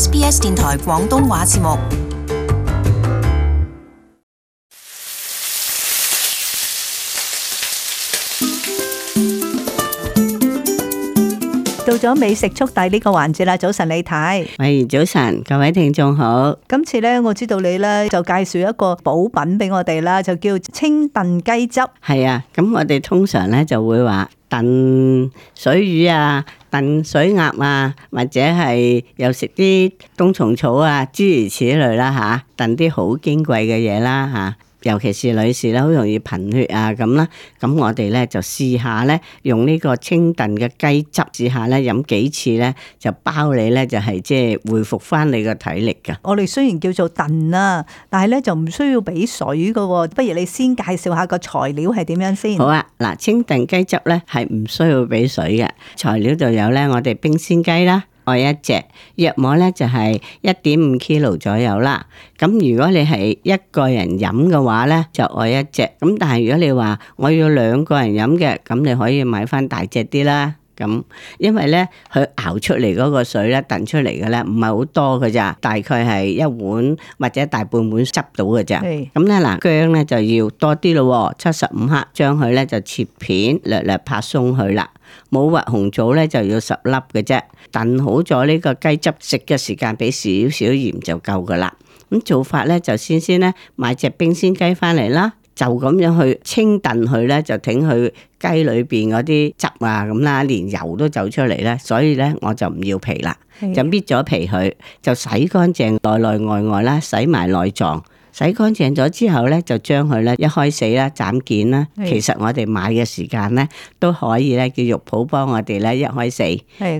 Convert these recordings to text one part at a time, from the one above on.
SBS 電台廣東話節目，到咗美食速遞呢個環節啦！早晨，李太，喂早晨，各位聽眾好。今次呢，我知道你呢就介紹一個補品俾我哋啦，就叫清燉雞汁。係啊，咁我哋通常呢就會話。燉水魚啊，燉水鴨啊，或者係又食啲冬蟲草啊，諸如此類啦、啊、吓，燉啲好矜貴嘅嘢啦吓。尤其是女士咧，好容易貧血啊，咁啦，咁我哋咧就試下咧，用呢個清燉嘅雞汁試下咧，飲幾次咧，就包你咧就係即係回復返你個體力噶。我哋雖然叫做燉啦，但係咧就唔需要俾水噶喎，不如你先介紹下個材料係點樣先？好啊，嗱，清燉雞汁咧係唔需要俾水嘅，材料就有咧，我哋冰鮮雞啦。愛一隻，約摸呢就係一點五 kilo 左右啦。咁如果你係一個人飲嘅話呢，就愛一隻。咁但係如果你話我要兩個人飲嘅，咁你可以買翻大隻啲啦。咁，因為咧，佢熬出嚟嗰個水咧，燉出嚟嘅咧，唔係好多㗎咋，大概係一碗或者大半碗汁到㗎咋。咁咧嗱，薑咧就要多啲咯，七十五克，將佢咧就切片，略略拍鬆佢啦。冇核紅棗咧就要十粒嘅啫。燉好咗呢個雞汁，食嘅時間俾少少鹽就夠㗎啦。咁做法咧就先先咧買隻冰鮮雞翻嚟啦。就咁樣去清燉佢咧，就整佢雞裏邊嗰啲汁啊咁啦，連油都走出嚟咧，所以咧我就唔要皮啦，的就搣咗皮佢，就洗乾淨內內外外啦，洗埋內臟，洗乾淨咗之後咧，就將佢咧一開四啦，斬件啦。其實我哋買嘅時間咧都可以咧，叫肉鋪幫我哋咧一開四，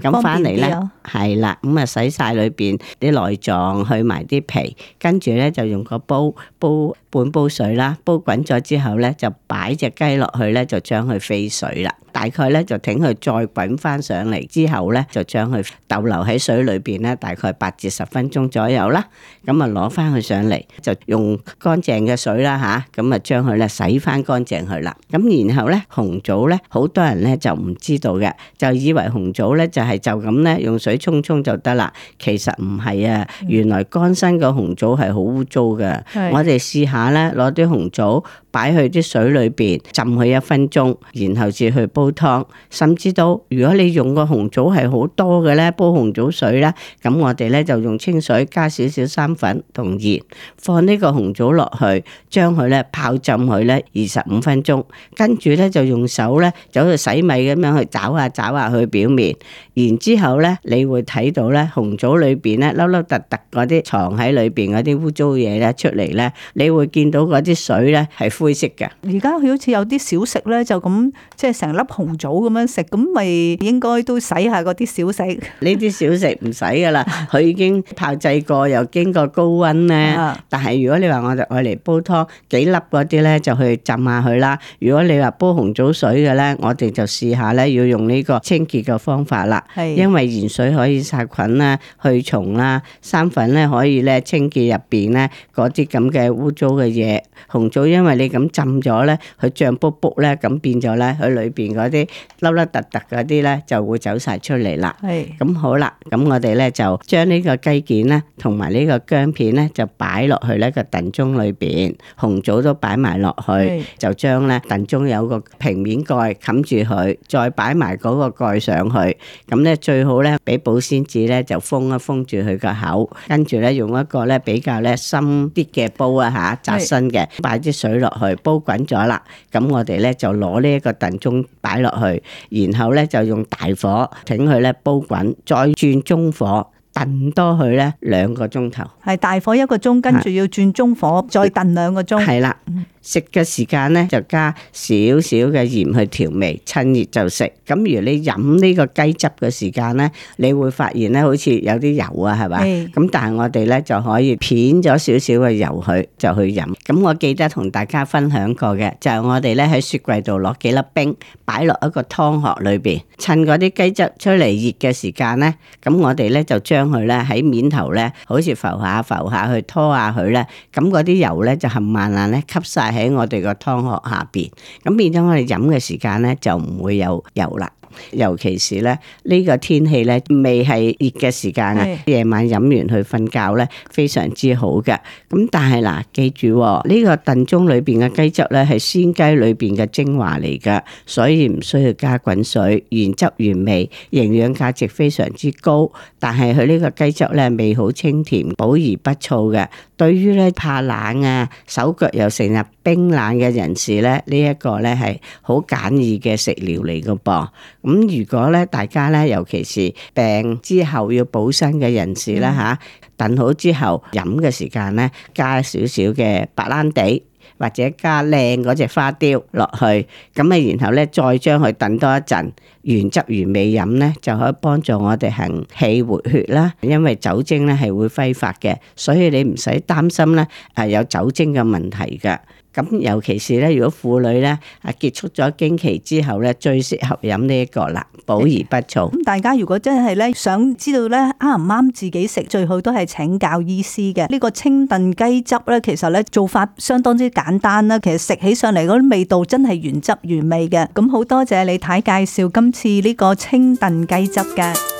咁翻嚟咧。係啦，咁啊、嗯、洗晒裏邊啲內臟，去埋啲皮，跟住咧就用個煲煲半煲水啦，煲滾咗之後咧就擺隻雞落去咧，就將佢飛水啦。大概咧就等佢再滾翻上嚟之後咧，就將佢逗留喺水裏邊咧，大概八至十分鐘左右啦。咁啊攞翻佢上嚟，就用乾淨嘅水啦吓，咁啊將佢咧洗翻乾淨佢啦。咁然後咧紅棗咧，好多人咧就唔知道嘅，就以為紅棗咧就係、是、就咁咧用水。水沖沖就得啦。其實唔係啊，原來乾身個紅棗係好污糟嘅。我哋試下咧，攞啲紅棗擺去啲水裏邊浸佢一分鐘，然後至去煲湯。甚至到如果你用個紅棗係好多嘅咧，煲紅棗水咧，咁我哋咧就用清水加少少生粉同鹽，放呢個紅棗落去，將佢咧泡浸佢咧二十五分鐘，跟住咧就用手咧，好似洗米咁樣去攪下攪下佢表面，然之後咧你。你會睇到咧紅棗裏邊咧溜溜突突嗰啲藏喺裏邊嗰啲污糟嘢咧出嚟咧，你會見到嗰啲水咧係灰色嘅。而家佢好似有啲小食咧就咁即係成粒紅棗咁樣食，咁咪應該都洗下嗰啲小食。呢啲小食唔使噶啦，佢已經炮製過又經過高溫咧。但係如果你話我哋愛嚟煲湯，幾粒嗰啲咧就去浸下佢啦。如果你話煲紅棗水嘅咧，我哋就試下咧要用呢個清潔嘅方法啦。係因為鹽水。可以殺菌啦、去蟲啦、生粉咧可以咧清潔入邊咧嗰啲咁嘅污糟嘅嘢。紅棗，因為你咁浸咗咧，佢脹卜卜咧，咁變咗咧，佢裏邊嗰啲凹凹凸凸嗰啲咧就會走晒出嚟啦。係，咁好啦，咁我哋咧就將呢個雞件咧同埋呢個薑片咧就擺落去呢個燉盅裏邊，紅棗都擺埋落去，就將咧燉盅有個平面蓋冚住佢，再擺埋嗰個蓋上去。咁咧最好咧俾，保鮮紙咧就封一封住佢個口，跟住咧，用一個咧，比較咧，深啲嘅煲啊吓，窄身嘅，擺啲水落去，煲滾咗啦。咁我哋咧就攞呢一個燉盅擺落去，然後咧就用大火，請佢咧煲滾，再轉中火燉多佢咧兩個鐘頭。係大火一個鐘，跟住要轉中火是再燉兩個鐘。係啦。食嘅時間咧，就加少少嘅鹽去調味，趁熱就食。咁如你飲呢個雞汁嘅時間咧，你會發現咧，好似有啲油啊，係嘛？咁、哎、但係我哋咧就可以撇咗少少嘅油佢就去飲。咁我記得同大家分享過嘅，就係、是、我哋咧喺雪櫃度攞幾粒冰，擺落一個湯殼裏邊，趁嗰啲雞汁出嚟熱嘅時間咧，咁我哋咧就將佢咧喺面頭咧，好似浮下浮，下，浮下去拖下佢咧，咁嗰啲油咧就恆慢慢咧吸曬。喺我哋個湯殼下邊，咁變咗，我哋飲嘅時間咧，就唔會有油啦。尤其是咧呢個天氣咧未係熱嘅時間啊，夜晚飲完去瞓覺咧非常之好嘅。咁但係嗱，記住哦，呢個燉盅裏邊嘅雞汁咧係鮮雞裏邊嘅精華嚟噶，所以唔需要加滾水，原汁原味，營養價值非常之高。但係佢呢個雞汁咧味好清甜，補而不燥嘅。對於咧怕冷啊、手腳又成日冰冷嘅人士咧，呢一個咧係好簡易嘅食療嚟噶噃。咁如果咧，大家咧，尤其是病之後要補身嘅人士咧嚇，燉、嗯、好之後飲嘅時間咧，加少少嘅白蘭地或者加靚嗰隻花雕落去，咁啊，然後咧再將佢燉多一陣，原汁原味飲咧，就可以幫助我哋行氣活血啦。因為酒精咧係會揮發嘅，所以你唔使擔心咧係有酒精嘅問題㗎。咁尤其是咧，如果婦女咧啊結束咗經期之後咧，最適合飲呢一個啦，補而不燥。咁 大家如果真係咧想知道咧啱唔啱自己食，最好都係請教醫師嘅。呢、這個清燉雞汁咧，其實咧做法相當之簡單啦，其實食起上嚟嗰啲味道真係原汁原味嘅。咁好多謝李太介紹，今次呢個清燉雞汁嘅。